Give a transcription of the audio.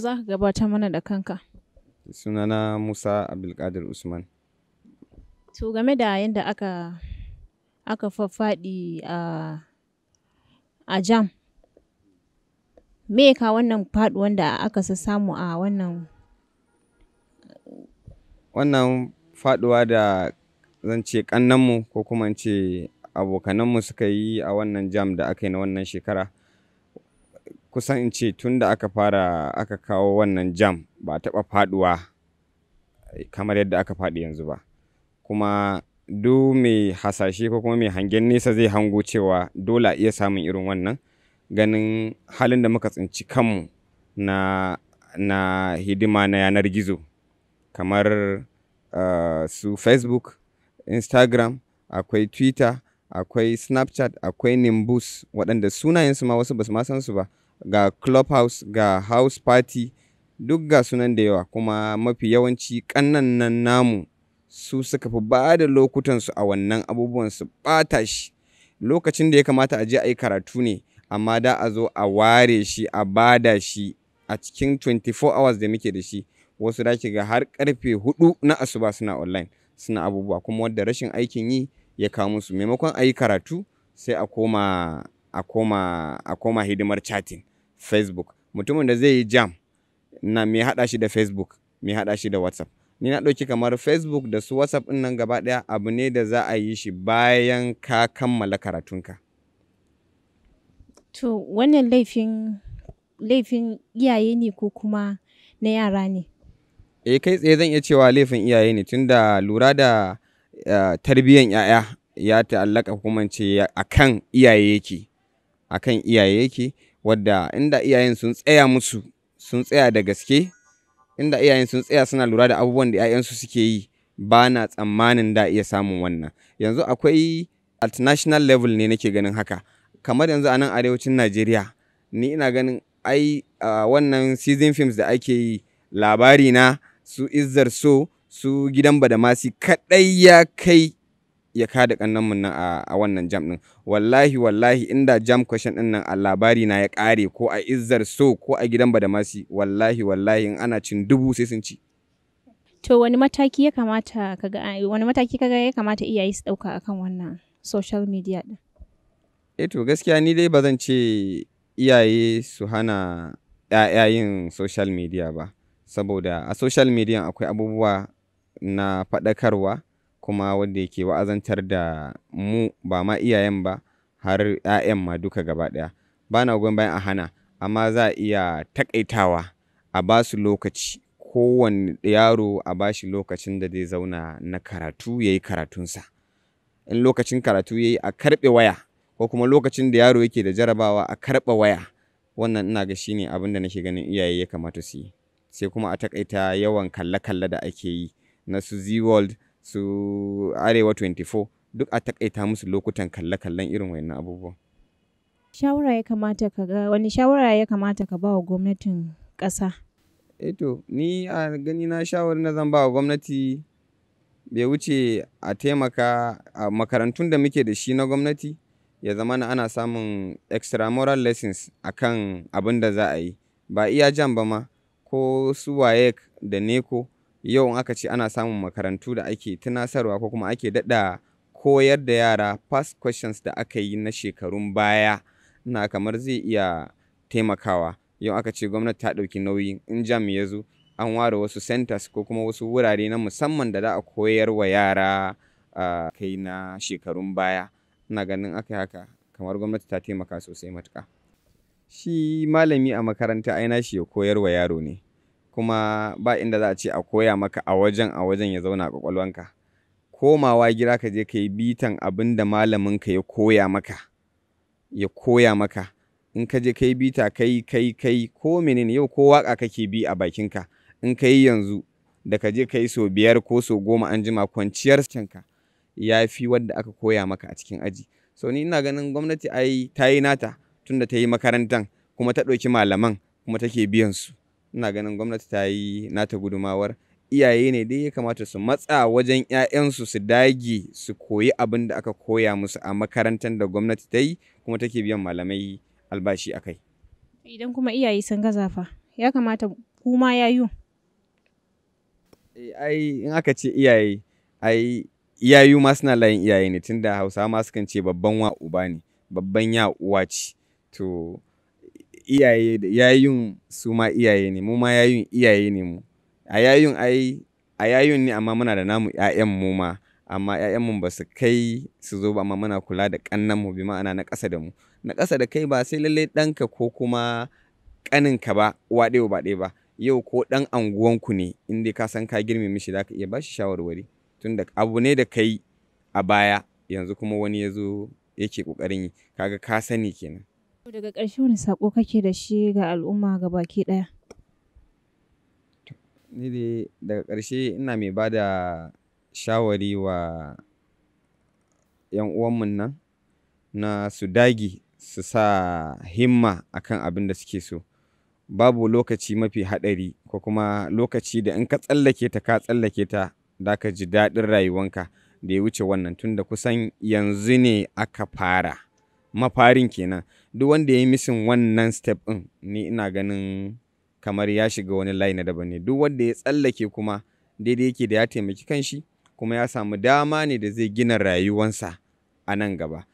za ka gabatar mana da kanka? Sunana Musa Abdulkadir Usman. To game da yadda aka aka faffaɗi a jam, me ka wannan faɗi da aka samu a wannan? Wannan faɗuwa da zan ce ƙannanmu ko kuma ce abokananmu suka yi a wannan jam da aka yi na wannan shekara. kusan in ce tun da aka fara aka kawo wannan jam ba taɓa faɗuwa eh, kamar yadda aka faɗi yanzu ba kuma duk mai hasashe ko kuma mai hangen nesa zai hango cewa dole a iya samun irin wannan ganin halin da muka tsinci kanmu na, na hidima na yanar gizo kamar uh, su facebook instagram akwai twitter akwai snapchat akwai nimbus waɗanda sunayensu ma wasu ba su ma san su ba ga clubhouse ga house party duk ga sunan da yawa kuma mafi yawanci kannan nan namu su suka fi ba da lokutansu a wannan abubuwan su bata shi lokacin da ya kamata a je a yi karatu ne amma da a zo a ware shi a bada shi a cikin 24 hours da muke da shi wasu da ga har karfe hudu na asuba suna online suna abubuwa kuma wadda rashin aikin yi ya kawo musu maimakon a yi karatu sai a koma a koma hidimar chatting facebook mutumin da zai yi jam na me haɗa shi da facebook me haɗa shi da whatsapp ni na ɗauki kamar facebook da su whatsapp ɗin nan gaba ɗaya abu ne da za a yi shi bayan ka kammala karatunka to wannan laifin laifin iyaye ne ko kuma na yara ne e kai tsaye zan iya cewa laifin iyaye ne tunda lura da eh, tarbiyyan 'ya'ya ya ta'allaka kuma ce kan iyaye yake kan iyaye yake wadda inda iyayen sun tsaya musu sun tsaya da gaske inda iyayen sun tsaya suna lura da abubuwan da 'ya'yansu suke yi ba na tsammanin da iya samun wannan yanzu akwai at level ne nake ganin haka kamar yanzu a nan arewacin najeriya ni ina ganin ai wannan season films da ake yi labari na su izzar so su gidan badamasi kaɗai ya kai ya kada kannan mun nan a wannan jam din wallahi wallahi inda jam question din nan a labari na ya kare ko a izzar so ko a gidan badamasi wallahi wallahi in ana cin dubu sai sun ci to wani mataki ya kamata kaga wani mataki kaga ya kamata iyaye su dauka akan wannan social media din eh to gaskiya ni dai ba zan ce iyaye su hana ‘ya'ya yin social media ba saboda a social media akwai abubuwa na faɗakarwa kuma wanda yake wa'azantar da mu ba ma iyayen ba har 'ya'yan ma duka gaba ɗaya ba na gwan bayan a hana amma za a iya takaitawa a ba su lokaci kowane yaro a ba shi lokacin da zai zauna na karatu ya yi karatunsa in lokacin karatu ya yi a karɓe waya ko kuma lokacin da yaro yake da jarabawa a karɓe waya wannan ina ga shine abin da nake ganin iyaye ya kamata su yi sai kuma a takaita yawan kalle-kalle da ake yi na su z world su arewa 24 duk a takaita musu lokutan kalle-kallen irin wayannan abubuwan shawara ya kamata ka ga wani shawara ya kamata ka ba wa gwamnatin ƙasa eto eh ni a gani na shawar da zan ba wa gwamnati bai wuce a taimaka a makarantun da muke da shi na gwamnati ya zama na ana samun extramural lessons a kan abin da za a yi ba iya jan ba ma ko su waye da neko yau in aka ce ana samun makarantu da ake tunasarwa ko kuma ake daɗa koyar da yara past questions da aka yi na shekarun baya na kamar zai iya taimakawa yau aka ce gwamnati ta ɗauki nauyi in jam ya zo an ware wasu centers ko kuma wasu wurare na musamman da za a koyar wa yara kai na shekarun baya na ganin aka haka kamar gwamnati ta taimaka sosai matuka shi malami a makaranta aina shi ya koyar wa yaro ne kuma ba inda za a ce a koya maka a wajen a wajen ya zauna a kwakwalwanka komawa gida ka je ka yi bitan abin da malamin ka ya koya maka ya koya maka in ka je ka yi bita kai kai kai ko menene yau ko waka kake bi a bakinka in ka yi yanzu da ka je ka yi so biyar ko so goma an jima kwanciyar cinka ya fi wadda aka koya maka a cikin aji so ni ina ganin gwamnati ai ta yi nata tunda ta yi makarantan kuma ta ɗauki malaman kuma take biyan su ina ganin gwamnati ta yi nata gudumawar iyaye ne dai ya kamata su matsa wajen 'ya'yansu su dage su koyi abin da aka koya musu a makarantar da gwamnati ta yi kuma take biyan malamai albashi a kai. Idan kuma iyaye sun gaza fa ya kamata kuma ya yi. Eh, ai in aka ce iyaye ai iyayu ma suna layin iyaye ne tunda hausawa ma sukan ce babban wa uba ne babban ya uwa ce to iyaye da yayun su ma iyaye ne mu ma yayun iyaye ne mu a yayun ai a yayun ne amma muna da namu ƴaƴan mu ma amma ƴaƴan mu ba su kai su zo ba amma muna kula da kannan mu bi ma'ana na ƙasa da mu na ƙasa da kai ba sai lallai ɗanka ko kuma ƙaninka ba uwa ɗaya ba ɗaya ba yau ko ɗan anguwanku ne in dai ka san ka girme mishi za ka iya ba shi shawarwari tun da abu ne da kai a baya yanzu kuma wani ya zo yake ƙoƙarin yi kaga ka sani kenan Daga ƙarshe wani saƙo kake da shi ga al'umma ga baki ɗaya? Ni dai daga ƙarshe ina mai ba da shawari wa 'yan uwanmu nan na su dagi su sa himma akan abin da suke so. Babu lokaci mafi haɗari ko kuma lokaci da in ka tsallake ta ka tsallake ta da ka ji daɗin rayuwanka da ya wuce wannan tunda kusan yanzu ne aka fara. mafarin kenan duk wanda ya yi misin wannan step in ni ina ganin kamar ya shiga wani layi na daban ne duk wanda ya tsallake kuma daidai yake da ya taimaki kanshi kuma ya samu dama ne da zai gina rayuwansa a nan gaba